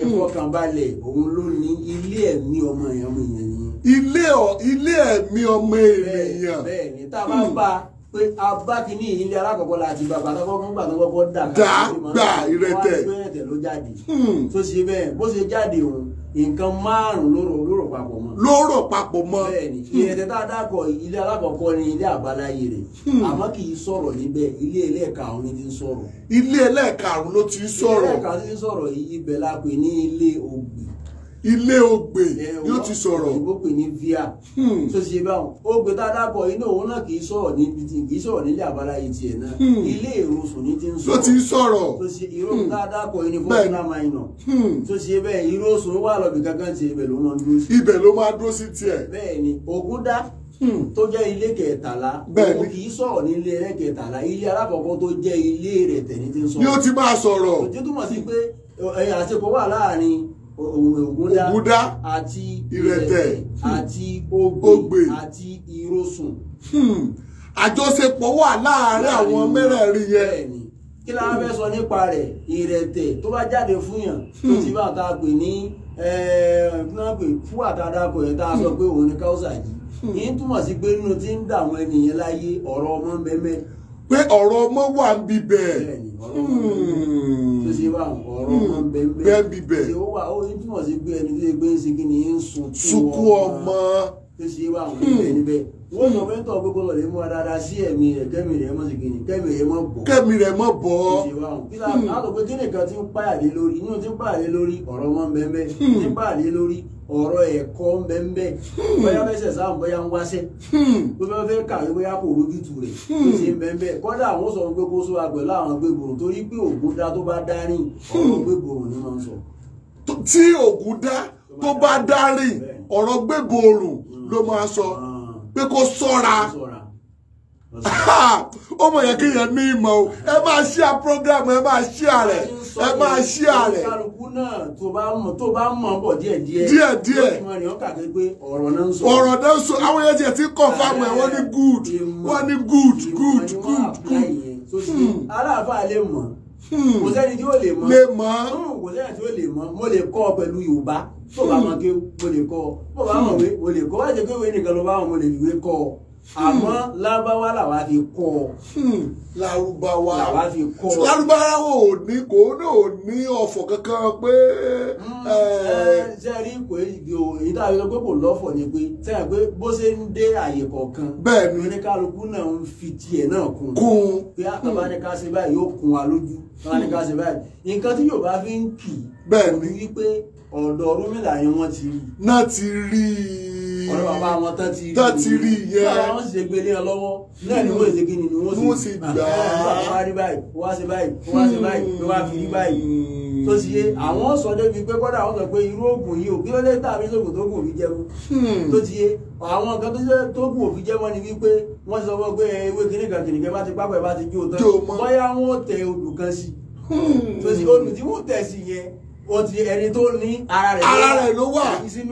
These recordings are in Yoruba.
ilé ẹ̀mí ọmọ èèyàn ilé ilé ẹ̀mí a bá hmm. bá pé ilé alákọ̀ọ́kọ́ la ti bàbá lọ́kọ́kọ́ gbà tó kọ́kọ́ dà. dà gbà ìrẹtẹ̀. ìrẹtẹ̀ ló jáde. Hmm. tó ṣe bẹ́ẹ̀ bó ṣe jáde òun nǹkan márùn lóró lóró papọ̀ mọ́. lóró papọ̀ mọ́. bẹ́ẹ̀ni ìrẹsẹ hmm. tá a dákọ ilé alákọ̀ọ́kọ́ ni ilé àbáláyé rẹ̀ hmm. àmọ́ kì í sọ̀rọ̀ níbẹ̀ ilé ẹlẹ́ẹ̀karùn ló ti ń sọ̀rọ̀. ilé ẹlẹ́ẹ̀karùn ló ti ń sọ̀rọ̀. ilé ẹlẹ́ẹ̀karùn ló ti ń sọ̀rọ̀ yìí ibẹ̀ la ní ilé ògbìn ilé ogbè yóò ti sọ̀rọ̀. òyìnbó pè ní via hmm. tó ṣe báwọn ogbè tádàbọ̀ iná òun náà kì í sọ̀rọ̀ níbi tí kì í sọ̀rọ̀ nílé àbára yìí tiẹ̀ náà hmm. ilé ìrosùn ní ti ń sọ̀rọ̀. ló ti ń sọ̀rọ̀. tó ṣe irun tádàbọ̀ iná fọ́nà máìnà tó ṣe bẹ́ẹ̀ ìrosùn wà lọ́bì kankan ti ibẹ̀ ló máa dúró sí. ibẹ̀ ló máa dúró sí tiẹ̀. bẹ́ẹ̀ni ògúndá hmm. tó jẹ́ ilé kẹtàlá òun kì í sọ̀rọ̀ ní ilé rẹ̀ kẹtàlá ilé alákọ̀ọ́kọ́ tó jẹ́ ilé rẹ̀ tẹ̀ ní ti ń sọ̀rọ̀. yóò ti máa sọ̀rọ̀. òjò túmọ̀ sí pé àṣepọ̀ wà láàrin ògúndá àti ìrẹ̀tẹ̀ hmm, àti ogbè àti ìrosùn. Hmm, àjọṣepọ̀ wà láàárín àwọn mẹ́rẹ̀ẹ̀rin yẹn kí la fẹ́ sọ nípa rẹ̀ ìrẹ̀tẹ̀ tó bá jáde fún yàn tó hmm. ti bá ta pè ní pé fún àtàdàpọ̀ yẹn tá a sọ pé òun ni káwùsà yìí yìí túmọ̀ sí pé nínú tí ń dààmú ẹnìyẹn láyé ọ̀rọ̀ ọmọ mẹ́mẹ́ pé ọ̀rọ̀ ọmọ wà ń bí bẹ́ẹ̀. Hmm. tó ṣe wà ọ̀rọ̀ ọmọ hmm. bẹ́ẹ̀ bí bẹ́ẹ̀. ṣé ó wà ó ní túmọ̀ sí pé ẹni tó ṣe pé ń ṣe kí ni ń sunkún ọmọ. sunkún ọmọ. tó ṣe wà ó ní bẹ́ẹ̀ níbẹ̀ wọ́n yàn mẹ́tọ̀ gbogbo lọ lè múra dáadáa sí ẹ̀mí rẹ̀ kẹ́mi rẹ̀ mọ́ sí kìíní kẹ́mi rẹ̀ mọ́ bọ̀. kẹ́mi rẹ̀ mọ́ bọ̀. ìṣèwà kílà àtòkè kí nìkan hmm. ti ń pààlé lórí inú ti ń pààlé lórí ọ̀rọ̀ mọ́ bẹ́ẹ̀ ti ń hmm. pààlé lórí ọ̀rọ̀ ẹ̀kọ́ bẹ́ẹ̀ hmm. bóyá fẹsẹ̀ sáà bóyá ń wáṣẹ́ bóyá fẹ́ kàwé bóyá kò lójútu rẹ̀ ti ń bẹ́ẹ̀ kọ́dà àwọn sọ pé kó sóra pẹ̀lú àwọn gbẹ̀gbòrò torí pé ògúndá tó bá dárìn ọ̀rọ̀ gbẹ̀gbòrò ni wọ́n sọ. tí ògúndá tó bá dárìn ọ̀rọ̀ gbẹ̀gbòrò ló máa sọ pé kó sọ́ra ọmọ yẹn kí yẹn ní ìmọ̀ o ẹ máa share program ẹ máa share rẹ̀ ẹ máa share rẹ̀. kálukú náà tó bá mọ̀ bọ̀ díẹ̀ díẹ̀ ọ̀rọ̀ náà ń sọ àwọn yẹn tiẹ̀ ti confirm ẹ̀ wọ́n ní good wọ́n ní good good good good. Hmm. aláàfáà lè mọ̀. Hmm. kò sẹ́ni tí ó lè mọ̀ hmm, kò sẹ́ni tí ó lè mọ̀ mo lè kọ́ pẹ̀lú Yorùbá tó bá hmm. mọ̀ kí mo lè kọ́ ọ bá mọ̀ wé mo lè kọ́ ọ pé wé nìkan ló bá wọn mo lè fi kọ́ ọ àmọ́ lárúbáwá làwa fi kọ́ ọ. Hmm. lárúbáwá làwa fi kọ́ ọ. lárúbáwá ò ní kò ní ò ní ọ̀fọ̀ kankan pé. Hmm. ṣé rí pé èyí tá a fi pé kò lọ́fọ̀ ni pé sẹ́yìn pé bó ṣe ń dé àyè kọ̀ọ̀kan. bẹ́ẹ̀ni oníkálukú náà ń fi tiẹ̀ náà kún. kún pé àtàbá hmm. ní ká ṣe báyìí yóò kún wa lójú àtàbá ní ká ṣe báyìí nǹkan tí Yorùbá fi ń kì í. bẹ́ẹ̀ni wípé ọ̀dọ̀ Ọ̀rúnmìlà ti rí. náà ti rí i rí ọ̀rọ̀ bàbá wọn tán ti rí tán ti rí yẹn báwa wọn ṣe gbélé ọ lọ́wọ́ náà ni wọ́n ṣe kí ni wọ́n ṣe gbà wá rí báyìí wá ṣe báyìí wá ṣe báyìí ló fi rí báyìí tó ṣe àwọn sọ débi pé kọ́dà àwọn sọ pé irú oògùn yìí ò kí ló dé tàbí sògùn tó gùn òfin jẹun hmm. tó ti yé àwọn nǹkan tó ṣe tó gùn òfin jẹun ni wípé wọ́n sọ wọ́n pé ewé kìnnìkan kìnnìkan bá ti pápá ẹ̀ bá ti jó tán bóyá wọn tẹ odù kan sí hmm. tó ṣe olùdíwọ̀n tẹ̀ sí yẹn o ti ẹni tó ní ara rẹ̀ ara rẹ̀ ló wà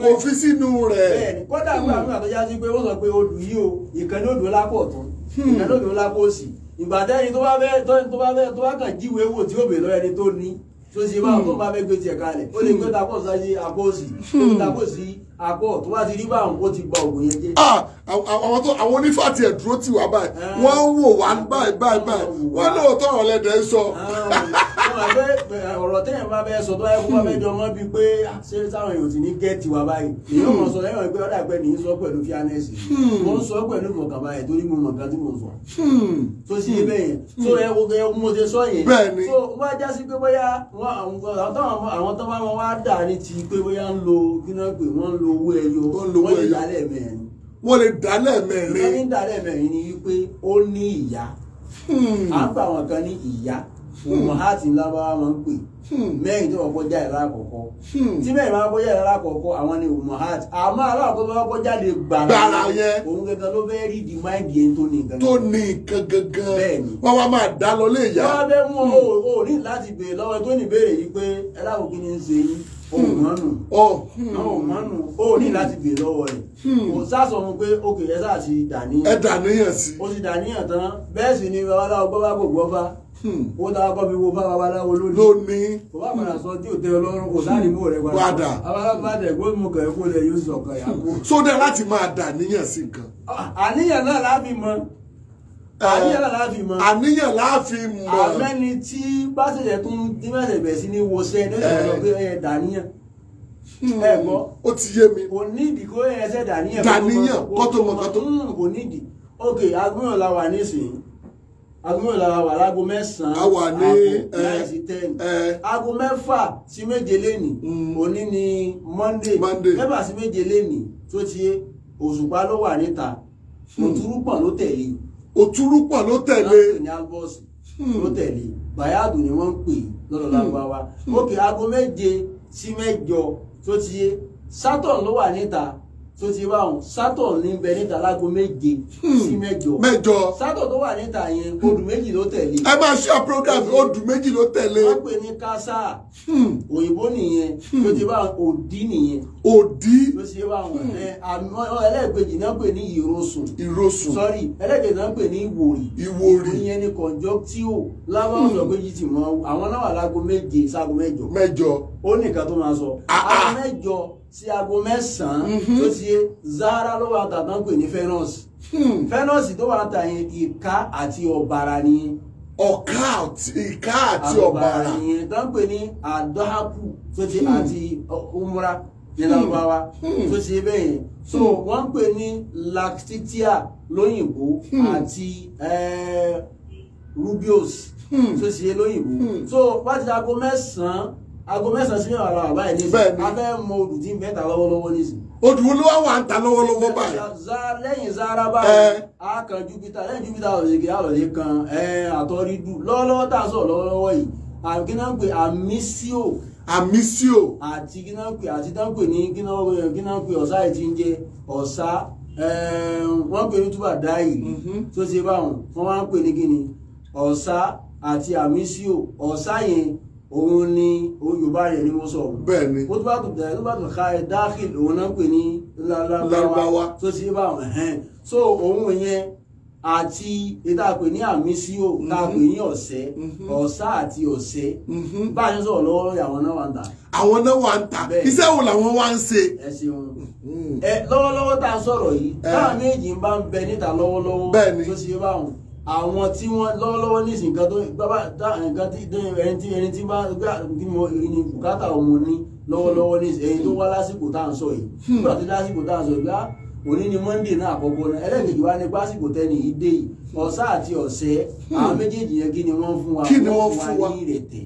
kò fi sínú rẹ̀. bẹ́ẹ̀ni kódà pé hmm. àwọn àtọjá sí pé wọn sọ pé odù yìí o ìkànnì odò lápò ọ̀tún hmm. ìkànnì odò lápò òsì ìgbàdá ẹni tó bá fẹ́ tó bá fẹ́ tó bá kàn jíwèé wò tí ó bèèrè lọ́yẹ ẹni tó ní tó ṣe báwọn hmm. tó bá fẹ́ gbé tiẹ̀ kalẹ̀ ó lè gbé takò sáyé àpò òsì tó takò sí àpò tó bá ti rí báwọn ó ti gba òògùn yẹn jẹ. Ah, àwọn tó àwọn onífà tiẹ̀ dúró tì wá báyìí eh. wọ́n ń wò wá báyìí báyìí báyìí wọ́n lóòótọ́ ọ̀lẹ́dẹ̀ẹ́ sọ. Ah ọ̀rọ̀ téèyàn bá bẹ́ẹ̀ sọ tó ẹ kó bá bẹ́ẹ̀ jọmọ́ bíi pé ṣé táwọn èèyàn ti ní gẹ́ẹ̀tì wa báyìí èèyàn mọ̀ sọ lẹ́yìn pé ọ̀dà pé nìyí sọ pẹ̀lú fíánẹ́sì hmm. mo ń sọ pẹ̀lú ìfọ̀kànbalẹ̀ torí mo mọ̀ nǹkan tí mo sọ. Hmm. tó ṣe bẹ́ẹ̀ yẹn tó ẹ wo ẹ mo ṣe sọ yẹn tó bá já sí pé bóyá àwọn tó bá wọn wá dà ní ti pé bóyá ń lo kí náà pé wọ́n ń lo owó ẹyọ wọ́n lè dálẹ̀ mẹ́rin. wọ́n lè dálẹ̀ mẹ́rin. wọ́n lè dálẹ̀ mẹ́rin ni wípé ó ní ìyá à hmm. ń pa àwọn kan ní ìyá ìmọ̀ hmm. háàtì hmm. ńlábáwá máa ń pè hmm. mẹ́rin tó kọ́kọ́ jáde lákọ̀ọ́kọ́ tí mẹ́rin máa kọ́ jáde lákọ̀ọ́kọ́ àwọn ni òun ló fẹ́ rí di tó ní tó ní gangan bẹ́ẹ̀ni wọ́n wá máa dá lọ léyà. wọ́n mú o ní láti lọ́wọ́ tó ní yìí pé ẹ kí ni ń ṣe yín ó ní láti kò mu pé ẹ sáà ti dàníyàn ẹ dàníyàn sí ni bá Hmm. ó dáwọ́ kọ́ fi wo bá babaláwo lónìí lónìí kò bá mọ̀nà sọ tí ò tẹ ọlọ́run kò sáà nímú rẹ̀ padà babaláwo bá dẹ̀ gbóyè mú kàn kó lẹ̀ yóò sọ kàn yà kó. sódà láti máa dà níyàn sí nǹkan. Ah, àníyàn náà láàbì mọ eh, àníyàn náà láàbì mọ. àníyàn láàfi mọ. àmẹ́ni tí bá ṣẹ̀ṣẹ̀ tún tí bá ṣẹ̀ṣẹ̀ bẹ̀rẹ̀ sí ní wo sẹ́ ẹ̀gbọ́n ó ti yé mi. kò nídìí kó ẹsẹ̀ dàníyàn. dàníyàn kó tó mọ kó tó. Hmm, kò nídìí ok agbóhùn la wà nísìnyí agunmọ̀ la wà láago mẹ́sàn-án a wà ní láìsí ten aago mẹ́fà sí méje lẹ́nì mm. òní ni monday mẹ́fà sí méje lẹ́nì tó ti yé òṣùpá ló wà níta hmm. òtúrúpọ̀ ló tẹ̀lé òtúrúpọ̀ ló tẹ̀lé ní albọ́ọ̀sì hmm. ló tẹ̀lé bayadu ni wọ́n ń pè lọ́dọ̀ hmm. lágbáwá òkè aago méje sí mẹ́jọ tó ti yé ló wà níta tó ti bá wọn sátọ̀ ní bẹ níta lágo méje hmm. sí mẹ́jọ mẹ́jọ sátọ̀ tó wà níta yẹn odù méjì ló tẹ̀lé. ẹ máa ṣe program odù méjì ló tẹ̀lé. wọ́n pè ní kásá hmm. òyìnbó nìyẹn tó ti bá wọn òdì nìyẹn. òdì tó ti bá wọn hmm. ẹ àná ẹlẹ́ẹ̀kejì náà pè ní ìrosùn. ìrosùn sọ́rí ẹlẹ́ẹ̀kejì náà pè ní ìwòrì. ìwòrì ìyẹn ni conjunctival lábá ọ̀sọ̀ péjì tì mọ́ àwọn náà wà lágo méje ságo mẹ́jọ. mẹ́jọ ó nìkan tó máa sọ. àá ah, ah. mẹ́jọ sí aago mẹ́sàn-án mhm. tó ti yé zara ló wà tàtàn pè ní fẹ́nọ́ọ̀sì hmm. fẹ́nọ́ọ̀sì tó wà tà yẹn ìka àti ọ̀bàrà nìyẹn ọ̀ká ìka àti ọ̀bàrà nìyẹn tó ń pè ní àdọ́hàkù tó ti hmm. àti umra ní lárúbáwá hmm. tó ti bẹ́ẹ̀ yẹn so wọ́n pè ní lactitia lóyìnbó àti eh, rubios tó ti yé lóyìnbó so wá ti aago mẹ́sàn-án aago mẹ́sàn-án sí mẹ́wàá làwọn àbáyé ní bẹ́ẹ̀ ni a fẹ́ mọ olùdí mẹ́ta lọ́wọ́lọ́wọ́ nísìn. odùwó ló wà wà ń ta lọ́wọ́lọ́wọ́ báyìí. lẹ́yìn zara báyìí a kan jupiter lẹ́yìn jupiter ọ̀sẹ̀kẹ̀ àlọ́lẹ̀ kan àtọ́rídù lọ́wọ́lọ́wọ́ tá a sọ lọ́wọ́lọ́wọ́ yìí àgínàpè àmísíò. àmísíò. àti gínàpè àti dánpè ní gínàpè ọ̀sá yìí ti ń jẹ ọ̀sá wọ́n pè ní túbà dáì mhm. tó ṣe báwọn wọ́n máa ń pè ní gíní ọ̀sá àti àmísíò ọ̀sá yẹn òun ni òun yorùbá rẹ̀ ni mo sọ bẹ́ẹ̀ ni ó tó bá tún tẹ̀ tó bá tún ká ẹ dáhìl òun náà pè ní lárúbáwá tó ti bá wọn hẹ́n so òun yẹn àti ìtàpè ní àmísíò tàpè mm-hmm. ní ọ̀sẹ̀ mm-hmm. ọ̀sá àti ọ̀sẹ̀ mm-hmm. bá a ṣe sọ̀rọ̀ lọ́wọ́ àwọn náà wà ń tà. àwọn náà wà ń tà iṣẹ́ wo làwọn wá ń ṣe. ẹ ṣeun ẹ lọ́wọ́lọ́wọ́ tá a sọ̀rọ̀ yìí eh. táwọn méjì ń bá ń bẹ níta lọ́wọ́lọ́wọ́ tó ṣe báwọn àwọn tí wọ́n lọ́wọ́lọ́wọ́ nísìn nǹkan tó bábá nǹkan tí ẹni tí ẹni tí bá gbà tí mo ní bùkátà ọmọ ní lọ́wọ́lọ́wọ́ nísìn ẹni tó wá lásìkò tá à ń sọ yìí hmm. nígbà tó lásìkò tá à ń sọ yìí òní ni monday náà àkọ́kọ́ náà ẹlẹ́gbẹ̀jì wá ní pásìkò tẹ́ni yìí dé yìí ọ̀sá àti ọ̀sẹ̀ hmm. àwọn méjèèjì yẹn kí ni wọ́n fún wa wọ́n fún wa ní ìrẹ̀tẹ̀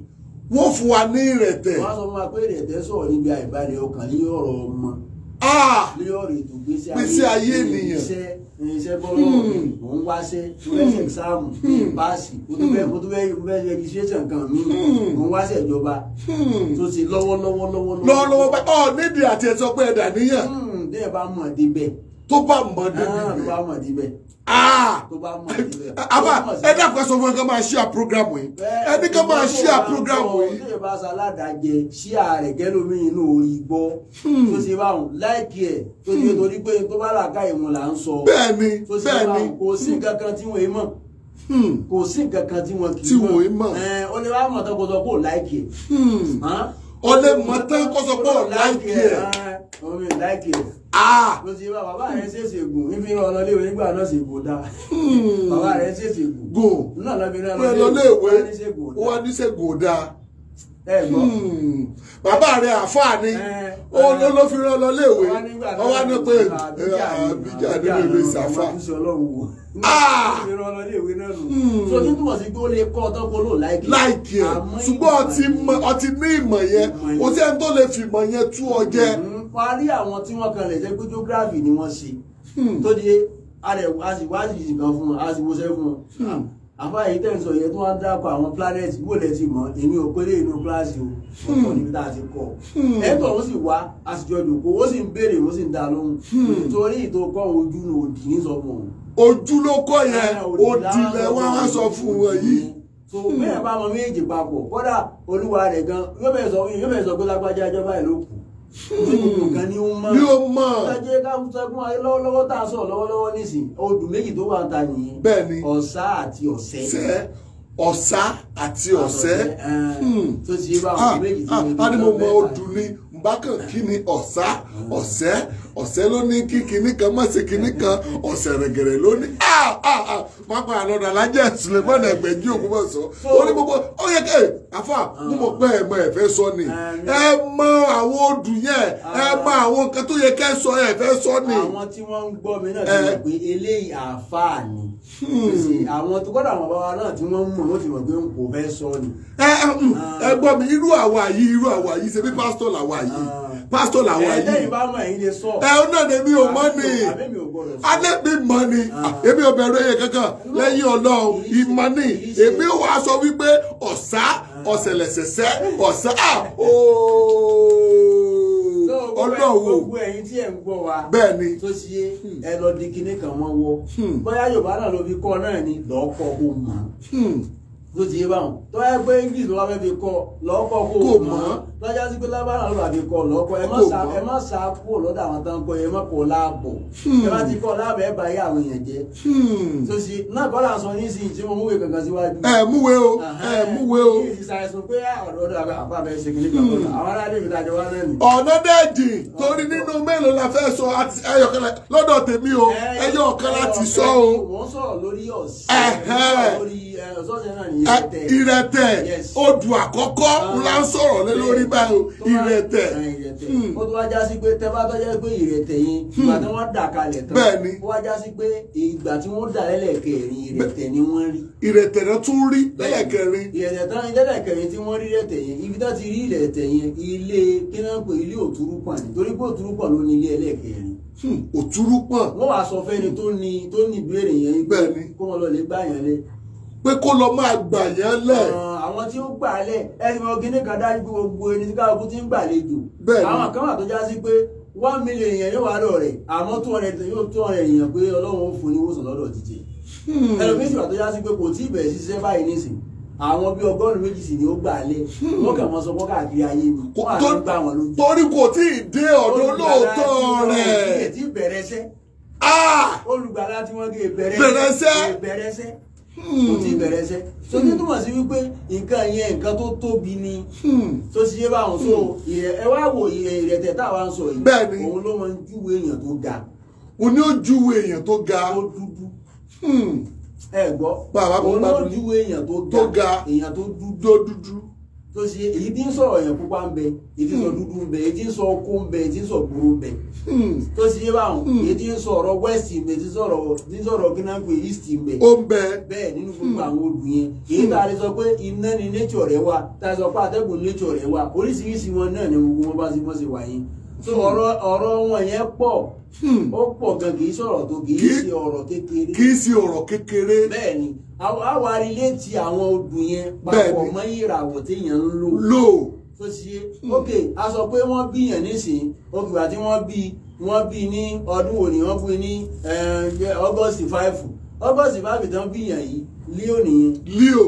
wọ́n fún wa ní ìrẹ̀tẹ̀ wọ́n sọ fún wa pé ìrẹ̀tẹ̀ sọ̀rọ̀ níbi àìbalẹ̀ ọkàn lé ọ̀rọ̀ ọmọ lé ah! ọ̀rọ̀ ètò gbèsè ayé ènìyàn iṣẹ́ bọ́lọ́ hmm. mò ń wáṣẹ́ mo fẹ́ ṣe ẹ̀sáàmù hmm. hmm. báàsì mo tún fẹ́ kan mi mò ń wáṣẹ́ ìjọba tó ti lọ́wọ́lọ́wọ́ lọ́wọ́lọ́wọ́. lọ́wọ́lọ́wọ́ bá ọ nídìí àti ẹ̀sọ́ pé ẹ̀dà níyàn. bí bá mọ̀ débẹ̀. tó bá mọ̀ débẹ̀. Ah, Ah! Ah, àbá ẹ dàpọ̀ sọ fún ẹ ká máa ṣíà program yìí ẹ ní ká máa ṣíà program yìí. ṣé ìbá sọ aládàjẹ ṣíà rẹ̀ gẹ́lómi inú orí gbọ́ hmm. tó ṣe báwọn láìkí ẹ̀ tó ṣe hmm. torí pé tó bá làákà ìwọ̀n là ń sọ. bẹ́ẹ̀ni bẹ́ẹ̀ni kò mo hmm. nǹkan kan tí wọn mọ̀ kò sí nǹkan kan tí wọn kì í mọ̀ ọ lè wá mọ̀ tán kó sọ pé ò láìkí ẹ̀. ọ lè mọ̀ tán kó sọ pé ò láìkí ẹ̀. Ah. ti bá bàbá rẹ ṣèṣe gùn nífi wọn lọ léwe nígbà náà ṣe gùn dáa bàbá rẹ ṣèṣe gùn gùn náà lọ́bi náà lọ léwe ó wá ní ṣe gùn dáa bàbá rẹ àfáà ni ó ló fi rán lọ léwe ah! ó wá ní hmm. pé àbíjà nínú ìlú ìsàfà láìkì ẹ ṣùgbọ́n ọtí ní ìmọ̀ yẹn kò sí ẹni tó lè fìmọ̀ yẹn tú ọ jẹ. Hmm parí àwọn tí wọ́n kan lè jẹ́ pé geography ni wọ́n ṣe hmm. tó di a sì wá jìjì kan fún wọn a sì wọṣẹ́ fún wọn hmm. àfa èyí tẹ̀ ń sọ yẹn tó wá ń dápọ̀ àwọn planet wò lẹ ti mọ̀ èmi ò péré inú kíláàsì o hmm. ọ̀pọ̀ níbi tá a ti kọ̀ ẹ̀tọ́ ó sì wá a sì jọ lòkó ó sì ń béèrè ó sì ń dá lóhùn nítorí ìtòkọ́ ojú ni òdì ní sọ fún un. ojú ló kọ́ yẹn eh, òdì lẹ wá wá sọ fún wọn yìí. so bẹ́ẹ̀ bá wọn méjì papọ̀ kódà olúwa rẹ̀ gan yóò bẹ̀ sọ pé lágbájá ìjọba ìlú kù nìkan ni ó mọ ní ó mọ ṣáájú ká sẹkún ayé lọ́wọ́lọ́wọ́ tá a sọ lọ́wọ́lọ́wọ́ nísìn odù méjì tó wà ta nìyí bẹ́ẹ̀ ni ọ̀sá àti ọ̀sẹ́ ọ̀sá àti ọ̀sẹ́ hmm. tó ti yé bá odù ah, méjì ah, tó wà ta nìyí. bákan kí ni ọ̀sá hmm. ọ̀sẹ́ ọ̀sẹ̀ ló ní kí kinní kan má ṣe kinní kan ọ̀sẹ̀ rẹ̀gẹ̀rẹ̀ ló ní ah, ah, ah. má pa àlọ́dà alájẹ́ Suleiman Ẹgbẹ́jí òkú bá sọ ó ní gbogbo ó yẹ kẹ́ eh, àfà mo mọ̀ pé ẹ mọ ẹ fẹ́ sọ ni ẹ mọ àwọn odù yẹn ẹ mọ àwọn nǹkan tó yẹ kẹ́ sọ ẹ fẹ́ sọ ni. àwọn tí wọ́n ń gbọ́ mi náà eh. ti mọ̀ pé eléyìí àáfàá ni hmm. àwọn tó gbọ́dọ̀ àwọn bàbá náà tí wọ́n mú wọn ti mọ̀ pé kò fẹ́ sọ ni. Eh, hmm. ẹ gbọ́ mi irú àwa yìí irú àwa yìí ṣe bí pásítọ̀ làwa yìí pásítọ̀ làwọn yìí. ẹ̀ẹ́dẹ́yìn bá mọ̀ ẹ̀yin lè sọ. ẹ ọ náà ni èmi ò mọ̀ ni alẹ́bí mọ̀ ni ah. èmi ò bẹ̀rù ẹ̀yẹ kankan lẹ́yìn ọlọ́run ìmọ̀ ni èmi ò wá sọ wípé ọ̀sá ọ̀sẹ̀lẹ̀sẹ̀sẹ̀ ọ̀sá ọlọ́run wo gbogbo ẹ̀yin tí ẹ̀ ń gbọ́ wa bẹ́ẹ̀ ni tó ṣe yé ẹ lọ di kinní kan mọ́ wọ hmm. bóyá yorùbá náà ló fi kọ́ náà ni lọ́ọ́ kọ́ ó mọ̀ hmm ló ti yé báwọn tó yẹ pé english ló wá fẹ́ fi kọ lọ́kọ̀ kó o mọ̀ lọ́jà sí pé lábára ló wà fi kọ lọ́kọ̀ ẹ má sa ẹ má sa kúrò lọ́dọ̀ àwọn tó ń kọ ẹ má kọ láàbọ̀ hmm. ẹ má ti kọ láàbọ̀ ẹ bá yé àwọn èèyàn jẹ́ hmm. sosi náà kọ́ là ń sọ tí mo múwe kankan síwájú. ẹ múwe o ẹ múwe o. kí ìsàìsàn pé ah, ọ̀dọ̀ ọ̀dọ̀ àbá bẹ́ẹ̀ ṣe kìlì kan hmm. àwọn aráàlú mi dájọ́ wá náà nì. ọ̀nà dẹ́ẹ̀dì torí nínú mélòó la fẹ́ sọ ẹyọkẹ́lẹ́ lọ́dọ̀ tèmi o ẹyọkẹ́lẹ́ ti sọ o. wọ́n sọ̀rọ̀ lórí ọ̀sẹ̀ lórí ìrẹ̀tẹ̀ odù àkọ́kọ́ ah. la ń sọ̀rọ̀ lé lórí báyìí ìrẹ̀tẹ̀. Ah, hmm. ó tún wá já sí pé tẹ́ bá tọ́ jẹ́ pé ìrẹ̀tẹ̀ yẹn hmm. ìgbà tí wọ́n dà kalẹ̀ tán bẹ́ẹ̀ni ó wá já sí pé ìgbà tí wọ́n dà lẹ́lẹ̀kẹrin ìrẹ̀tẹ̀ ni wọ́n rí. ìrẹ̀tẹ̀ náà tún rí lẹ́lẹ̀kẹrin. ìrẹ̀tẹ̀ tán ní lẹ́lẹ̀kẹrin tí wọ́n rí ìrẹ̀tẹ̀ yẹn ibi tó ti rí ìrẹ̀tẹ̀ yẹn ilé kí náà pé ilé òtúrúpọ̀n pé òtúrúpọ̀n ló ní ilé ẹlẹ́kẹrin hmm. òtúrúpọ̀n. wọ́n wàá sọ fẹ́ni tó ní tó ní ìbéèrè yẹn pé kó lọ máa gbà yẹn lẹ̀. àwọn tí ó gbà lẹ̀ ẹni mọ kíní kan dájú pé gbogbo ẹni tí káàkó ti ń gbàlejò àwọn kan wà tó já sí pé one million èèyàn yóò wá lọ rẹ̀ àmọ́ two hundred yóò two hundred èèyàn pé ọlọ́run ó fún ní wòsàn lọ́dọ̀ jíjẹ hmm. ẹlòmíín sì wà tó já sí pé kò tí ì bẹ̀rẹ̀ sí ṣiṣẹ́ báyìí nísìnyí àwọn bíi ọgọ́rùn-ún méjì sì ni ó gbà lé hmm. wọ́n kàn mọ́ sọpọ́ káàkiri ayé ni wọ́n àti gbà wọ́n lójú. torí kò tí ì dé ọ̀dọ̀ lóòótọ́ rẹ̀. Ah! olùgbàlà tí wọ́n gé bẹ̀rẹ̀ sẹ́. bẹ̀rẹ̀ sẹ́ kò tí ì bẹ̀rẹ̀ iṣẹ́ so ní hmm. túmọ̀ sí wípé nǹkan yẹn nǹkan tó tóbi ni hmm. tó ṣe yé báwọn so hmm. ẹ wá wo ìrẹ̀tẹ̀ táwa ń sọ yìí òun ló máa ń júwe èèyàn tó ga. òun ni ó èèyàn tó ga. tó dúdú ẹ gbọ́ òun ló júwe èèyàn tó ga èèyàn tó dúdú tó ṣe èyí tí ń sọ̀rọ̀ yẹn pupa ń bẹ èyí tí ń sọ hmm. dúdú ń bẹ èyí tí ń sọ okó ń bẹ èyí tí ń sọ gbòòrò ń bẹ hmm. tó ṣe yé báwọn hmm. èyí tí ń sọ̀rọ̀ west ń bẹ èyí tí ń sọ̀rọ̀ tí ń sọ̀rọ̀ kínákù east ń bẹ. ó ń bẹ bẹ́ẹ̀ nínú gbogbo àwọn odù yẹn èyí tá a lè sọ pé iná ni nature rẹ wà tá a sọ pé atẹ́gùn nature rẹ wà oríṣiríṣi wọn náà ni gbogbo wọn bá ti mọ̀ sí wáyé so ọ̀rọ̀ ọ̀rọ̀ wọn yẹn pọ̀ hmm. ó pọ̀ gan kì í sọ̀rọ̀ tó kì í ṣe ọ̀rọ̀ kékeré kì í ṣe ọ̀rọ̀ kékeré bẹ́ẹ̀ ni àwa relate àwọn odù yẹn papọ̀ mọ́ ìràwọ̀ téèyàn ń lò lò tó ṣe ok a sọ pé wọ́n bí yẹn nísìnyí òkùnrin àti wọ́n bí wọ́n bí ní ọdún wo ni wọ́n bí ní eh, August five August five tán bí yẹn yìí Leo nìyẹn Leo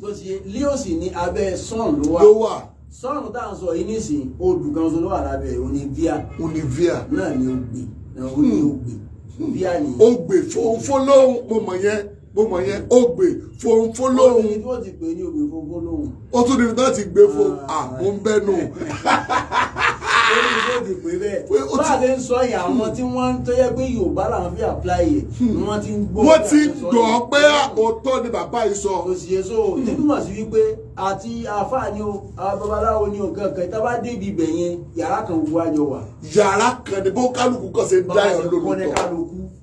tó hmm. ṣe Leo sì ní abẹ́ sun ló wà sọ́run tá à ń sọ yìí nísìnyí odù kan sọ ló wà lábẹ́ ẹ̀ onivia onivia náà ni ó gbè náà ó ní ó gbè bíà nìyí. ó gbè fòǹfòlóhùn mo mọ̀ yẹn mo mọ̀ yẹn ó gbè fòǹfòlóhùn. ó ní tó ti pè ní ògbè fòǹfòlóhùn. ó tún ní tó ti gbé fò àmúbẹ́nu ìwé òdìgbé bẹ́ẹ̀ bá a lè ń sọ yìí àwọn tí wọ́n tó yẹ pé Yorùbá làwọn fi apply yìí wọ́n ti ń gbọ́. wọ́n ti gbọ́ pé òótọ́ ni bàbá yìí sọ. kò sì yẹ so títúmọ̀ sí wípé àti àáfàá ni o babaláwo ni o kankan tá débi ibẹ̀ yẹn yàrá kan gbogbo àjọ wà. yàrá kan ni bó kálukú kan ṣe dá yàn lórúkọ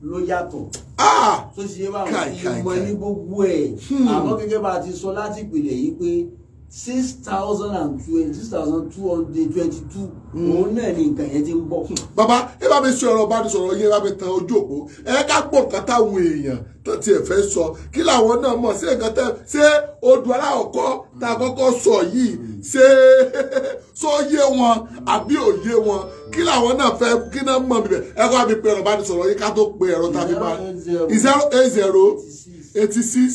ló yàtọ̀. Ah! tó ṣe é bá wọn ti mọ ní gbogbo ẹ̀ hmm. àmọ́ gẹ́gẹ́ bá a ti sọ láti ìpìlẹ̀ yìí pé six thousand and twenty six thousand two hundred twenty two hmm. òun náà ni nǹkan yẹn ti ń bọ̀. Hmm. bàbá ẹ bá mi sọ ọ̀rọ̀ bá mi sọ̀rọ̀ yẹn bá mi tan ojú òpó ẹ ká gbọ́ nǹkan táwọn èèyàn tó tiẹ̀ fẹ́ sọ kí làwọn náà mọ̀ sí nǹkan tẹ́ ṣé odò aláwọ̀kọ́ tá a kọ́kọ́ sọ yìí ṣé sọ yé wọn àbí ò yé wọn kí làwọn náà fẹ́ kí náà mọ̀ bíbẹ̀ ẹ kọ́ àbí pé ẹ̀rọ bá mi sọ̀rọ̀ yìí ká tó pe ẹ̀rọ tàbí bá zero eight zero eighty six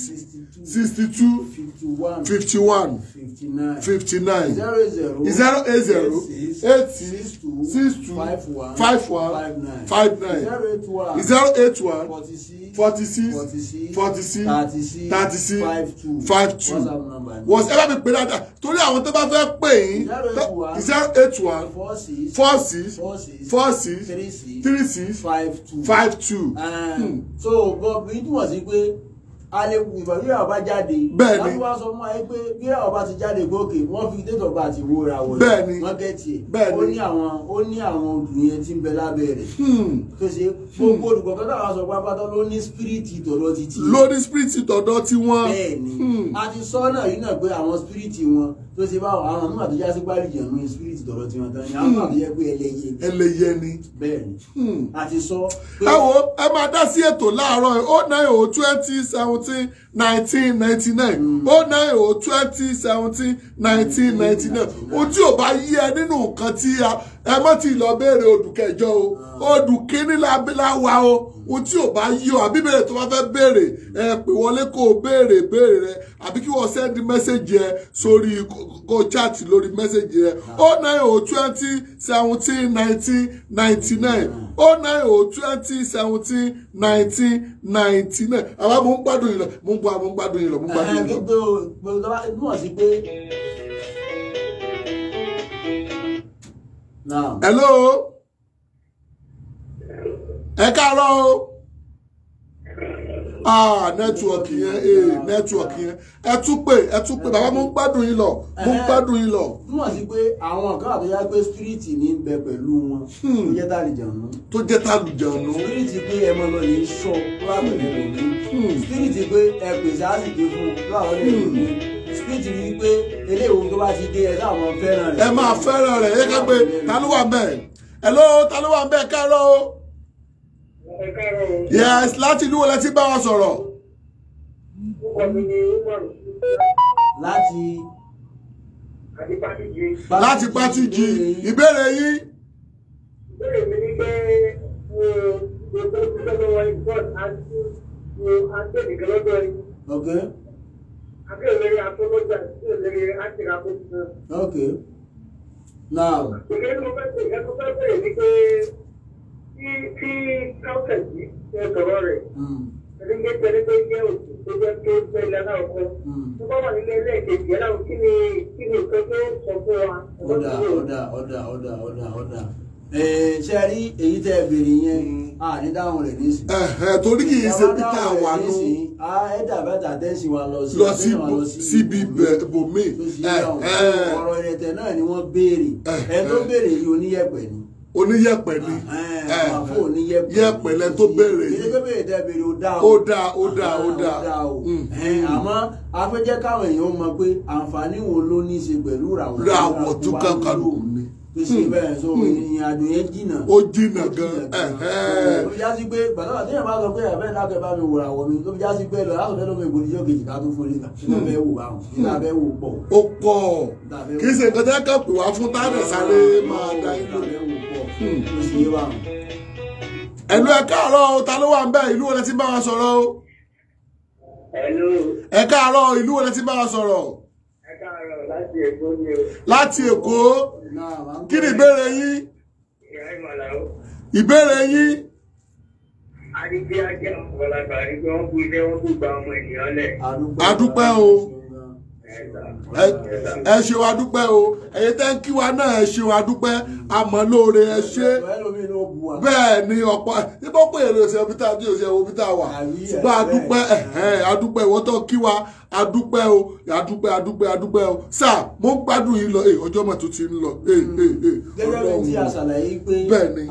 sixty two fifty one fifty nine zero eight zero eight six two five one five nine zero eight one forty six forty six thirty six five two wọ́n ṣe bá mi pè dáadáa torí àwọn tó bá fẹ́ pè yín zero eight one four six four six three six five two. Eh, hmm. so bọ́ọ̀bù yìí túmọ̀ sí pé alẹ́kùn ìbọn bí àwọn bá jáde bẹ́ẹ̀ni wọ́n wá sọ fún ayé pé bí àwọn ti jáde gòkè wọ́n fi dẹ́tọ̀ bá ti wo ra wọ̀ bẹ́ẹ̀ni wọ́n gẹ̀tì ẹ̀ bẹ́ẹ̀ni ó ní àwọn ó ní àwọn olùyẹn tí ń bẹ lábẹ́ rẹ̀ tó hmm. gbogbo olùkọ́ kọ́tà wa sọ pápátá ló ní spiriti tọ̀dọ̀ ti ló ní spiriti tọ̀dọ̀ ti wọn bẹ́ẹ̀ni hmm. a ti sọ náà yìí náà pé àwọn spiriti wọn tó ṣe báwọn àwọn àmúmà tó já sí pálí ìjànú ní spirit tọ̀rọ̀ tiwọn tán ni àmúmà tó yẹ pé ẹlẹ́yẹ ni. ẹlẹ́yẹ ni. bẹ́ẹ̀ ni hmm. a ti sọ. ẹ wo ẹ máa dá sí ètò láàárọ̀ o oh nine o oh twenty seventeen nineteen ninety nine hmm. o oh nine o twenty seventeen nineteen ninety nine hmm. o tí o bá yí ẹ nínú nǹkan tí ẹ mọ́ ti lọ béèrè odù o odù kínní la wà o ohun tí ò bá yọ àbí béèrè tó bá fẹ́ béèrè ẹ pè wọlé kó o béèrè béèrè rẹ àbí kí wọ́n send message ẹ sórí kó chat lórí message rẹ o oh nine o oh twenty seventeen nineteen ninety nine o oh nine o twenty seventeen nineteen ninety nine àwa mo ń gbádùn yìí lọ mo ń mo ń gbádùn yìí mo ń gbádùn yìí hello ẹ káàárọ̀ o ah nẹ́tíwọ̀kì yẹn ee eh, nẹ́tíwọ̀kì yẹn ẹ tún pè ẹ tún pè bàbá mo ń gbádùn yín lọ mo ń eh, eh. gbádùn yín lọ. túmọ̀ sí pé àwọn nǹkan àtọ́já pé spiriti ní í bẹ pẹ̀lú wọn tó hmm. jẹ́ tàlùjànú. tó jẹ́ tàlùjànú. spiriti pé ẹ mọ lọ lè sọ láwọn èdè lòdì hmm. spiriti pé ẹ pèsè àsìkè fún láwọn èdè lòdì spiriti rí i pé eléyìí ohun tó bá ti dé ẹ sáà fẹ́ràn rẹ̀. ẹ máa fẹ́ràn rẹ̀ yẹ kẹ́gbẹ́ ta hello ta ló wà bẹ́ẹ̀ yes láti inú wọlé tí bá wa sọ̀rọ̀. láti. láti pati jí ìbéèrè yìí. ìbéèrè mi ni pé mo mo tó ti sọ́dọ̀ wọn àti mo àti ènìkan lọ́dọ̀ yìí. ok. akéwìlérí atọ́lọ́jà akéwìlérí àtìrà kò ok. now. ìgbésẹ̀ mo fẹ́ bẹ̀rẹ̀ ni pé tí tí káwùtà yìí ṣe sọ̀rọ̀ rẹ̀ ẹ̀rígbẹ́ tẹ̀lẹ́gbẹ́ jẹ́ òkú tó jẹ́ pé pẹ́ lẹ́nà ọkọ tó bá wà nílé ẹlẹ́ẹ̀kejì ẹ̀rọ kí ni kí ni nǹkan tó sọ fún wa. ọ̀dà ọ̀dà ọ̀dà ọ̀dà ọ̀dà ọ̀dà ṣe rí èyí tẹ́ ẹ yẹn a ní dáhùn rẹ̀ nísìn. torí kì í ṣe pété àwa nù. ẹ dàbẹ́ tà tẹ́sí wa lọ sí lọ síbi bòmí. ọ̀rọ̀ ìrẹ̀tẹ̀ náà ni wọ́n béèrè ẹ tó béèrè yìí oníyẹ̀pẹ̀ ni oníyẹ̀pẹ̀ ni yẹ̀pẹ̀ lẹ tó bẹ̀rẹ̀ yìí ó dáa ó dáa ó dáa hmm. àmọ́ afẹ́jẹ́ káwọn èèyàn mọ̀ pé àǹfààní wo ló ní í ṣe pẹ̀lú ràwọ̀ tó kàn kàn lóhùn tó ṣe hmm. bẹ́ẹ̀ so hmm. ìrìn àjò yẹn jìnnà. ó jìnnà gan. ó fi jásí pé bàtà bàtà yẹn bá sọ pé ẹ̀fẹ́ lákẹ́ bá mi wòrà wọ̀ mi ló jásí pé lọ láti fẹ́ lómi ìbòlì yóò kejì ká tó forí kà nínú abẹ́ wò bá wọn nínú abẹ́ wò pọ̀. ó pọ̀ kì í ṣe nǹkan tẹ́ kàn pè wá fún táàdà sáré máa dá ìlú. Hmm. ẹ̀lú ẹ̀ káàárọ̀ ta ló wà ń bẹ̀ ìlú wo lẹ ti bá wa sọ̀rọ̀ láti Èkó kí ni ìbéèrè yín ìbéèrè yín. Adúgbé ajé ọ̀pọ̀lọpọ̀ àdúgbò wọn kú ilé wọn kú gba ọmọ ènìyàn lẹ̀. Adúpẹ́ o. Ẹ ṣe wa dúpẹ́ o. Ẹyẹ tẹ́ ń kí wa náà ẹ ṣe wa dúpẹ́. Àmọ́ lóore ẹ ṣe. Ẹlòmí wà. bẹ́ẹ̀ ni ọ̀pọ̀ ibọ́ pé èrè òsè omi tá a dé òsè omi tá a wà ṣùgbọ́n adúpẹ́ adúpẹ́ ìwọ́n tó kí wa adúpẹ́ o adúpẹ́ adúpẹ́ adúpẹ́ o sáà mo ń gbádùn yìí lọ ọjọ́ mọ̀ tó ti ń lọ. gẹ́gẹ́ bí tí a ṣàlàyé pé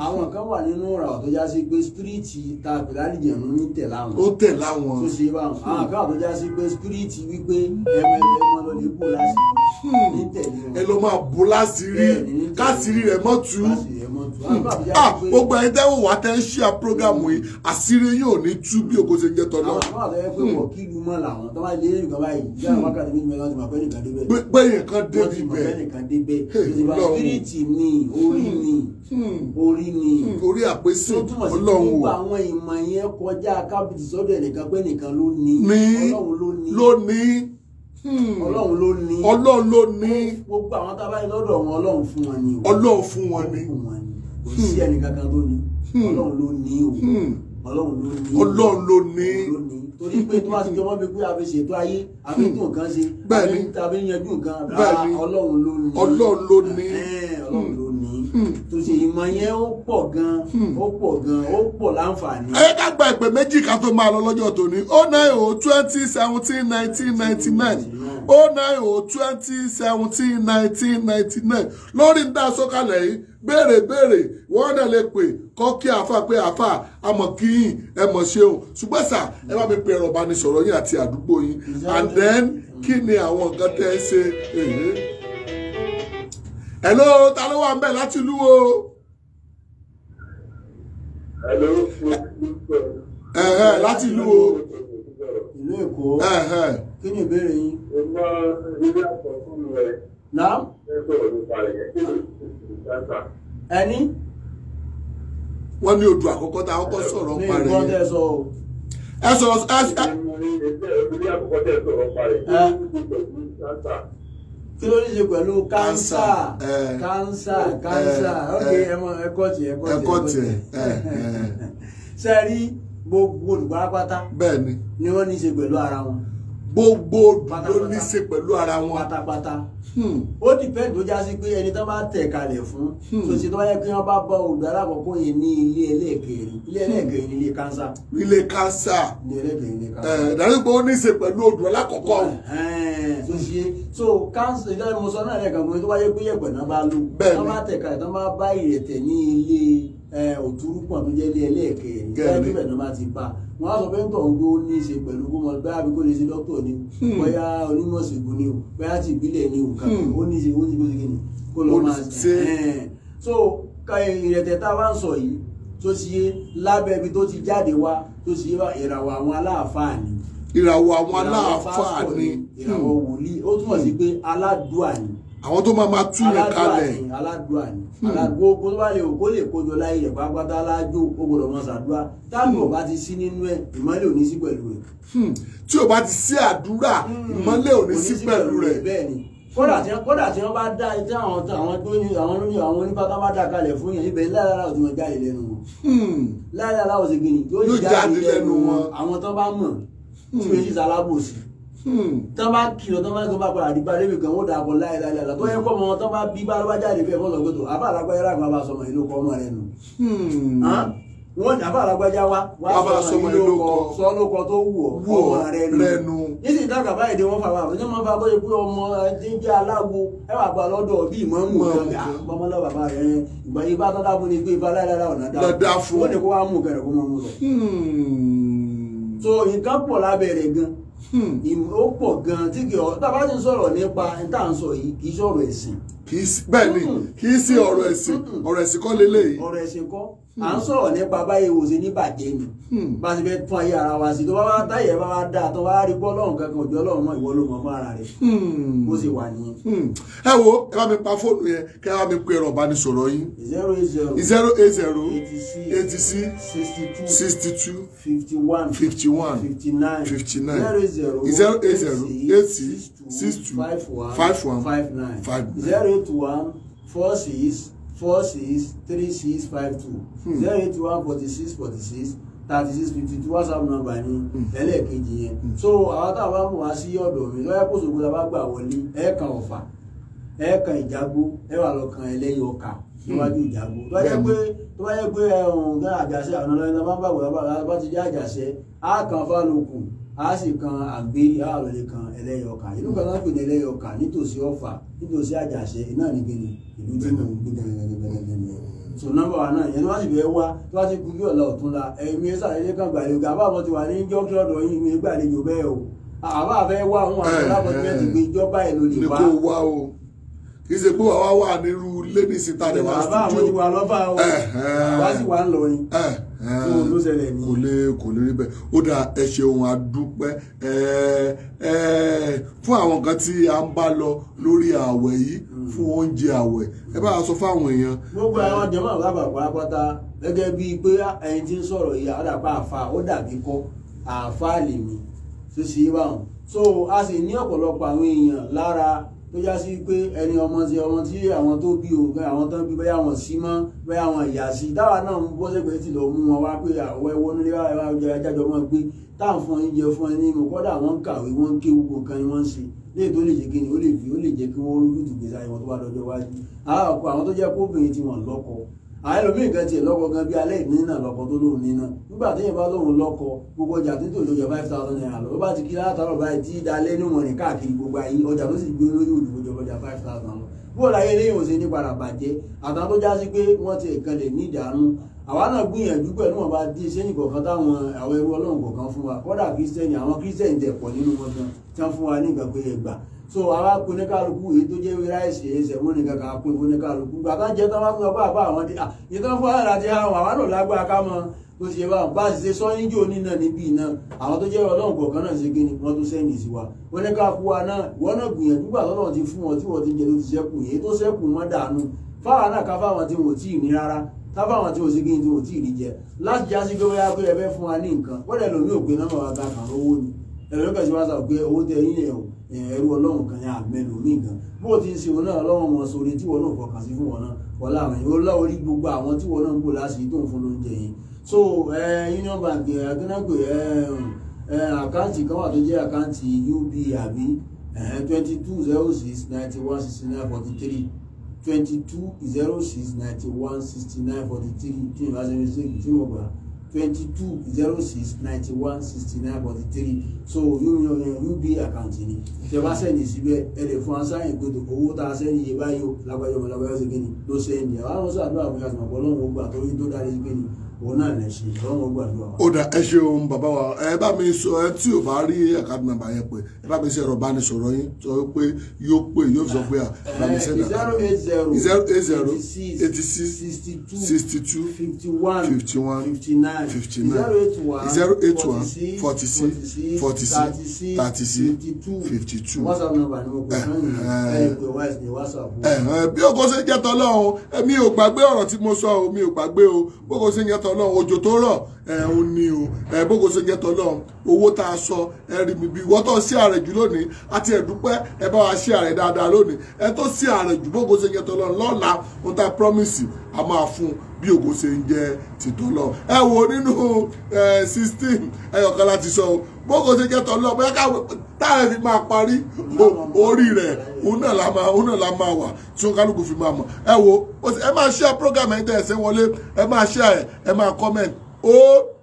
àwọn kan wà nínú ọ̀rọ̀ tó já sí pé spiriti ta pèlálìjẹ̀ ń ní tẹ̀ láwọn. ó tẹ̀ láwọn. tó ṣe bá wọn hmm. àwọn kan tó já sí pé spiriti wípé ẹ̀mọ ẹ̀mọ lọ lè bó láṣìírí. Hmm. ẹ lọ máa bó láṣìírí káṣìírí rẹ̀ Ah, gbogbo ẹ̀yin tẹ́wọ̀ wá tẹ́ ń ṣíà prógámù yìí àṣírí yín ò ní tú bí ògo ṣe jẹ́ tọ́lọ́. àwọn àwọn àtọ́yẹ pé wọ́n kí lu mọ́ làwọn tó bá lé nǹkan báyìí bí àwọn wákàtí méjì mẹ́ta ti mọ̀ pé nìkan débẹ̀. pé nǹkan débi bẹ́ẹ̀ pé nìkan débẹ̀ ìjọba spiriti ni orí ni hmm. Hmm. orí ni. Hmm, orí àpèsè ọlọ́run wò. àwọn ìmọ̀ yẹn kọjá kábìtì sọ́dọ̀ ẹ̀nìkan pé nìkan ló ní ọlọ́run ló ní ọlọ́run ló ní ọlọ́run ló ní gbogbo àwọn tábàáyé lọ́dọ̀ wọn ọlọ́run fún wọn ni ọlọ́run fún wọn ni kò sí hmm. ẹnìkankan tó ní hmm. ọlọ́run ló ní o hmm. ọlọ́run ló ní ọlọ́run ló ní torí pé tó bá ti jọmọ́ bí pé a fi ṣètò ayé a fi tún nǹkan ṣe a fi yanjú nǹkan ah, ọlọ́run ló ní ọlọ́run ló eh, ní ọlọ́run ló ní tó ṣe ìmọ̀ yẹn ó pọ̀ gan ó pọ̀ gan ó pọ̀ láǹfààní. ẹ ká gba ìpè méjì ká tó máa lọ lọ́jọ́ tòní oh nine oh twenty seventeen nineteen ninety nine oh nine oh twenty seventeen nineteen ninety nine lórí ń dá sọ́kàlẹ̀ yìí béèrè béèrè wọ́n náà lè pè kọ́ kí àáfà pé àáfà àmọ̀ kí yín ẹ mọ̀ ṣeun ṣùgbọ́n sà ẹ bá mi pe ẹ̀rọ ìbánisọ̀rọ̀ yín àti àdúgbò yín and then kí ni àwọn nǹkan tẹ́ ẹ ṣe. hello ta ló wà ń bẹ̀ láti ìlú o. hello mo láti ìlú o. ìlú èkó kí ni ìbéèrè yín. ìgbà ilé àpọ̀ fún mi rẹ̀. náà. ẹgbẹ́ òun parẹ́ yẹn kí ni ìdáta. ẹni. wọ́n ní odò àkọ́kọ́ tá a kọ́kọ́ sọ̀rọ̀ parẹ́ yẹn. mi ì gbọ́ tẹ́ sọ o. ẹ sọ ẹ ẹ. ilé àkọ́kọ́ tẹ́ sọ̀rọ̀ parẹ́ yẹn kí ni ìdáta kí ló ní ṣe pẹ̀lú kánsà kánsà kánsà ok ẹkọ tiẹ ẹkọ tiẹ ṣe rí gbogbo olùgbàlápátá ni wọ́n ní ṣe pẹ̀lú ara wọn gbogbo odù ló ní ṣe pẹ̀lú ara wọn. pátápátá hmm. ó dìpẹ́ǹdì ó já sí pé ẹni tó bá tẹ̀ kalẹ̀ fún hmm. tòṣì tó bá yẹ kí wọ́n bá bá odù alákọ̀ọ́kọ́ yẹn ní ilé ẹlẹ́ẹ̀kẹrin ilé hmm. ẹlẹ́ẹ̀kẹrin ní ilé kánsá. ilé kánsá ní eh, ó ní ṣe pẹ̀lú odù alákọ̀ọ́kọ́. Eh, eh, tòṣì so kánsá ìdá náà rẹ̀ kàn mọ́ tó bá yẹ pé yẹ̀pẹ̀ náà bá lò tó bá tẹ̀ kalẹ̀ tó bá bá ìrẹ̀tẹ̀ ní ilé òtúrúpọ̀ tó jẹ́ ilé ẹlẹ́ẹ̀kẹ́yìn gẹ́gẹ́ níbẹ̀ náà máa ti pa wọn á sọ pé ń tọ̀ ń gbé ó ní í ṣe pẹ̀lú kó mọ bá àbíkó lè ṣe dókítà ni hmm. bóyá onímọ̀ ìṣègùn ni o bóyá ti ìbílẹ̀ ni o kàn hmm. ó ní í ṣe ó ti kó ṣe kí ni kó lọ́ máa ṣe so ìrẹ̀tẹ̀ tá a bá ń sọ yìí tó ṣe lábẹ́ ibi tó ti jáde wá tó ṣe ìràwọ̀ ìràwọ̀ àwọn aláàfáà ni àwọn tó máa máa tú yẹn kalẹ̀. aládùá ni hmm. aládùá ogun tó bá lè kó lè kójọ láyé rẹ̀ pápátá alájò ó gbọ́dọ̀ máa ṣàdúrà táàmì ò bá ti sí nínú ẹ̀ ìmọ́lẹ̀ ò ní sí pẹ̀lú rẹ̀. Hmm. tí ò bá ti sí àdúrà hmm. ìmọ́lẹ̀ ò ní sí pẹ̀lú rẹ̀. bẹ́ẹ̀ ni kódà tí kódà tí wọ́n bá dá tí àwọn àwọn tó ní àwọn ní àwọn onípátá bá dá kalẹ̀ fún yẹn ibẹ̀ láyàrá ò ti wọn jáde lẹ́nu wọn. láyàrá ò ti gbìn Hmm, tán bá kìlọ̀ tán bá gbọ́n bá padà rí gan wọ́n dà láyé láyé láyé tó yẹ kọ́ ọmọ tán bá bí bá bá jáde bẹ́ẹ̀ fọ́sọ̀ gbẹ́tò àbá àlágbáyé rà bá sọmọ ìlú kọ́ ọmọ rẹ nù. Hmm. wọ́n ní àbá àlágbáyé wa wá sọmọ ìlú kọ́ sọ́nù kọ́ tó wù ọ́ ọmọ rẹ nù. nísìnyí dàgbà báyìí ni wọ́n fà wá máa ń fa bóyá pé ọmọ jíjẹ́ aláwo ẹ wà gba lọ́dọ̀ bí ìmọ̀ ń ah, mú hmm. gan Hmm, ó pọ̀ gan-an tí kì í ọ́ bàbá ti sọ̀rọ̀ nípa ní tá à bẹ́ẹ̀ ni kì í sí ọ̀rọ̀ ẹ̀sìn ọ̀rọ̀ ẹ̀sìn kọ́ lélẹ́yìí. ọ̀rọ̀ ẹ̀sìn kọ́ à ń sọ̀rọ̀ nípa báyìí wò sí ní bàjẹ́ ni hmm. bá a ti fẹ́ tún ayé ara wa sí tó bá wá táyẹ̀ bá wá dáa tó bá rí bọ́lọ́run kankan òjò ọlọ́run mọ́ ìwọ ló mọ̀ mọ́ ara rẹ̀ hmm. bó sì wà nìyẹn. Hmm. ẹ wo ẹ bá mi pa fóònù yẹn kẹ ẹ bá mi pe ẹ̀rọ ìbánisọ̀rọ̀ yín. zero eight zero zero eight zero eighty six sixty two sixty two fifty one fifty one fifty nine fifty nine zero eight zero eight six six two five one five nine zero eight eight one four six four six three six five two hmm. zero eight one forty six forty six thirty six fifty two whatsapp number ni hmm. ẹlẹ́ẹ̀kejì yẹn hmm. so àwọn táwọn bá mú wá sí ọ̀dọ̀ mi lọ́yà kó sòkòtà bá gbà wọlé ẹ̀ẹ̀kan ọ̀fà ẹ̀ẹ̀kan ìjágbó ẹ̀wà lọ́kàn ẹlẹ́yìn ọkà níwájú ìjágbó tó bá yẹ pé tó bá yẹ pé ẹ̀hún àjàṣe àwọn ọ̀nà ìlànà bá ń bàwọ̀ bá ti jẹ́ àjàṣe á kàn fálokùn a sì kan àgbé àròlé kan ẹlẹ́yọkà ìlú kan lápè ní ẹlẹ́yọkà nítòsí ọ̀fà nítòsí àjàṣe iná nìgbìnì ìlú tí mo ń gbé gẹ́gẹ́gẹ́gẹ́gẹ́ so nọ́mbà wa náà ìyẹn ni wọ́n sì fẹ́ wá tí wọ́n ti kú bí ọ̀la ọ̀tún la ẹ̀mí sàlẹ̀ kan gbàlejò àbá àwọn ti wà ní jọ́kí ọ̀dọ̀ yìí mi gbàlejò bẹ́ẹ̀ o àbá fẹ́ wá àwọn àwọn alábọ̀tẹ́ ti gbé ìjọba ẹ̀ lórí wa. o kì í ṣe pé àwa wà nírú lébìsì o àwa sì tó ló ṣẹlẹ̀ ní. kò lè kò lè rí bẹ́ẹ̀ ó dà ẹ ṣeun àdúpẹ́ fún àwọn nǹkan tí a ń bá lọ lórí ààwẹ̀ yìí hmm. fún oúnjẹ ààwẹ̀ ẹ bá sọ fáwọn èèyàn. gbogbo àwọn jẹ́mọ̀ bàbà pátápátá gẹ́gẹ́ bíi pé ẹni tí ń sọ̀rọ̀ yìí àwọn àpá àfa ó dàbí kọ́ àfa lèmi ṣe ṣe báwọn so a sì ní ọ̀pọ̀lọpọ̀ àwọn èèyàn lára tó já sí pé ẹni ọmọ ti ọmọ tí àwọn tó bí o àwọn tó ń bí bẹ́ẹ̀ àwọn sí mọ́ bẹ́ẹ̀ àwọn ìyá sí táwa náà ń bọ́ sẹ́gbẹ̀ẹ́ ti lọ mú wọn wá pé àwọn ẹwọ́ nílé wa ẹwà ọjà ajájọ máa gbé táà fún ẹyin jẹ fún ẹni mọ kọ́dà wọ́n kàwé wọ́n ké gbogbo nǹkan ni wọ́n ń ṣe léè tó lè jẹ́ kí ni ó lè fi ó lè jẹ́ kí wọ́n rújú tùgbésà ìwọ̀n tó bá dọjọ́ wájú àwọn tó jẹ́ kóbìnrin tí wọ́n lọ́kọ̀ọ́ àwọn ẹlòmíì kan tiẹ̀ lọ́kọ gan bí alẹ́ ìní náà lọ́kọ tó lóun ní náà nígbà téèyàn bá lóun lọ́kọ gbogbo ọjà tí tòun lójà five thousand naira lọ ó bá ti kí látàrọ̀ báyìí tí dalẹ́ ní wọn rìn káàkiri gbogbo ayé ọjà tó sì gbé olóyè òdìbò jọba ọjà five thousand lọ bó láyé lẹ́yìn òsè ní padà bàjẹ́ àtàwọn tó já sí pé wọ́n ti ìkànnì ní ìdààmú àwa náà gbìyànjú pẹ̀lú wọn bá dé sẹ́yìn kọ̀ọ̀kan táwọn àwọn ẹrú ọlọ́run kọ̀ọ̀kan fún wa kọ́dà kírísítẹ́nì àwọn kírísítẹ́nì tẹ̀ pọ̀ nínú wọn gan tí wọ́n fún wa ní ìgbà pé ẹgbàá so àwa pe oníkàlùkù èyí tó jẹ́ ráìsì èyí sẹ̀wọ́n nìkan kan pe oníkàlùkù bàbá jẹ́ tán wọ́n fún ọ bàbá àwọn dé ìtàn fún ara ti hàn àwọn àlọ́ lágbára ká mọ bó ṣe bá bá ṣe sọ níjó nínà níbí iná àwọn tó jẹ́ ọlọ́run kọ̀ọ̀kan náà ṣe kí ni wọ́n tó sẹ́yìn sí wa oníkàlùkù wa náà ìwọ náà gbìyànjú gbà tọ́lọ́ ti fún wọn tí wọ́n ti jẹ tó ti ṣẹ́kù èyí tó ṣẹ́kù mọ́ dànù fáwọn náà ká fáwọn tí wọn ò tí ì ní rárá tábàwọn tí o sì kí n tí o tí ì rí jẹ láti já sí pé bóyá pé ẹ fẹ́ fún wa ní nǹkan wọ́n dẹ̀ lómi òpin náà máa bá kàn owó ni ẹ̀rọ kẹ̀síwáṣà pé owó tẹ yín yẹn o ẹrú ọlọ́run kan yẹn àmẹ́nu mí gan bó ti ń ṣe wọn náà ọlọ́run wọn sórí tí wọn náà fọkàn sí fún wọn náà wọlé àwọn yìí ó láwọn gbogbo àwọn tí wọn náà ń bò láṣìí tó ń fún lóúnjẹ yìí so union bank akínàgbè àkáǹtì kan wà tó jẹ́ àkáǹtì UB àbí twenty two zero six ninety one sixty nine forty three twenty two zero six ninety one sixty nine forty three tí ìbáṣe mi sí ìtúmọ̀ gbà twenty-two zero six ninety-one sixty-nine forty-three so yóò yan yan uba àkáǹtì ni tẹ bá sẹ́ndì síbẹ̀ ẹ lè fún asáyìn pé owó tá a sẹ́ndì yé báyìí o lágbájọ́ ọmọ lágbájọ́ ṣe kí ni ló sẹ́ndì àwọn àwọn sọ àdúrà fún yàtọ̀ ọ̀pọ̀ ọlọ́run gbogbo àtọ́yìn tó dára sí kí ni òun náà ẹ ṣeun bàbá wa ẹ bá mi sọ ẹ tí ò bá rí àkàdé nàbà yẹn pé ẹ bá mi ṣe ẹ̀rọ ìbánisọ̀rọ̀ yín sọ pé yóò pé yóò sọ pé à bá mi ṣe zero eight zero eighty six sixty two fifty one fifty nine zero eight one forty six forty six thirty six fifty two. whatsapp eh, eh. ẹ eh, bí o kò ṣe jẹ́ tọ́lọ́run mi ò gbàgbé ọ̀rọ̀ tí mo sọ o mi ò gbàgbé o bó kò ṣe jẹ́ tọ́lọ́run ọlọ́run òjò tó rọ̀ ẹ ò ní o ẹ bógo ṣe jẹ́ tọ́lọ́run owó tá a sọ ẹ rí mi bí wọ́tọ̀ sí ààrẹ jù lónìí àti ẹ̀dúpẹ́ ẹ bá wa sí ààrẹ dáadáa lónìí ẹ tó sí ààrẹ jù bógo ṣe jẹ́ tọ́lọ́run lọ́la ohun tá a promise a máa fún bí ògo ṣe ń jẹ́ tìtọ́lọ́ ẹ wo nínú sixteen ẹyọkan láti sọ bókò ṣe jẹ́ tọ́lọ́ bóyá káwé táyà fi máa parí orí rẹ̀ òun náà la máa òun náà la máa wà tí ó kálukú fi máa mọ̀ ẹ wo ẹ máa share program ẹ̀ ń tẹ̀ ẹ̀sẹ̀ wọlé ẹ máa share ẹ̀ ẹ máa comment ó. Oh,